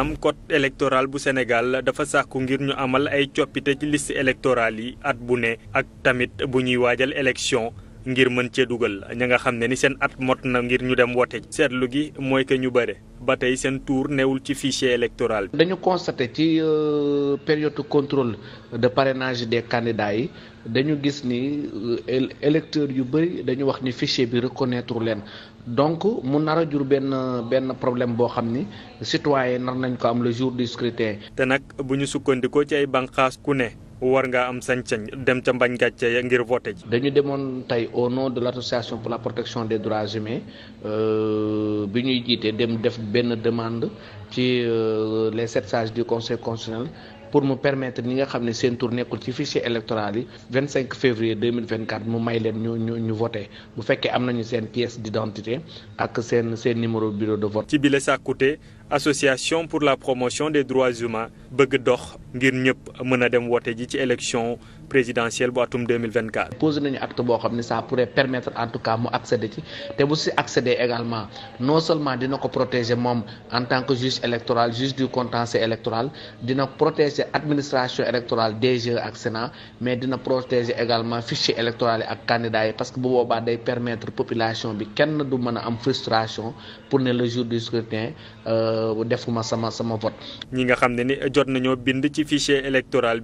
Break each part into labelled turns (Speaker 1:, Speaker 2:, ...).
Speaker 1: am code électoral bu Sénégal dafa sàkku ngir ñu amal ay coppite ci liste électorale yi at bu ne ak tamit bu ñuy waajal élection ngir mën cee dugal ña nga xam ne ni seen at mot na ngir ñu dem wote seetlu gi mooy que ñu bëre ba tey seen tour newul ci fichier
Speaker 2: électoral bi. dañu constaté ci euh, période contrôle de parrainage des candidats yi. dañu gis ni euh, électeurs yu bëri dañu wax ni fichier bi reconnaître leen donc mu nar a jur benn benn problème boo xam ni citoyen nar nañ ko am le jour du scrutin. te nag bu ñu sukkandikoo ci ay banqaas ku ne. war ngaa am
Speaker 1: sañ-sañ dem ca mbañ gàcce ngir voté ci
Speaker 2: dañu demoon tey au nom de l' association pour la protection des droits humains euh, bi ñuy jiite dem def benn demande ci euh, les sept sages du conseil constitutionnel pour mu permettre ñi nga xam ne seen tour nekkul ci fichier électoral yi 25 février 2024 mu may leen ñu ñu ñu voté bu fekkee am nañu seen pièce d'identité ak seen seen numéro bureau de vote. ci
Speaker 1: bile sàkkute association pour la promotion des droits humains bëgg dox ngir ñëpp mën a dem wote ji ci élection.
Speaker 2: présidentielle bu atum 2024. posé nañu acte boo xam ne ça pourrait permettre en tout cas mu accéder ci te bu si accéder également non seulement dina ko protéger moom en tant que juge électoral juge du contentieux électoral dina protéger administration électorale DG ak Sénat mais dina protéger également fichier électoral yi ak candidat yi parce que bu boobaa day permettre population bi kenn du mën a am frustration pour ne le jour du scrutin euh, defuma sama sama vote. ñi
Speaker 1: nga xam ne ni jot nañoo bind ci fichier électoral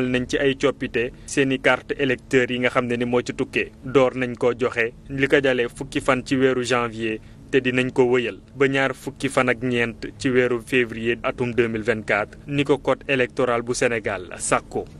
Speaker 1: amal nañ ci ay coppite seen i carte électeurs yi nga xam ne ni moo ci tukkee door nañ ko joxe li ko jalee fukki fan ci weeru janvier te dinañ ko wëyal ba ñaar fukki fan ak ñeent ci weeru février atum 2024 ni ko code électoral bu Sénégal sàkko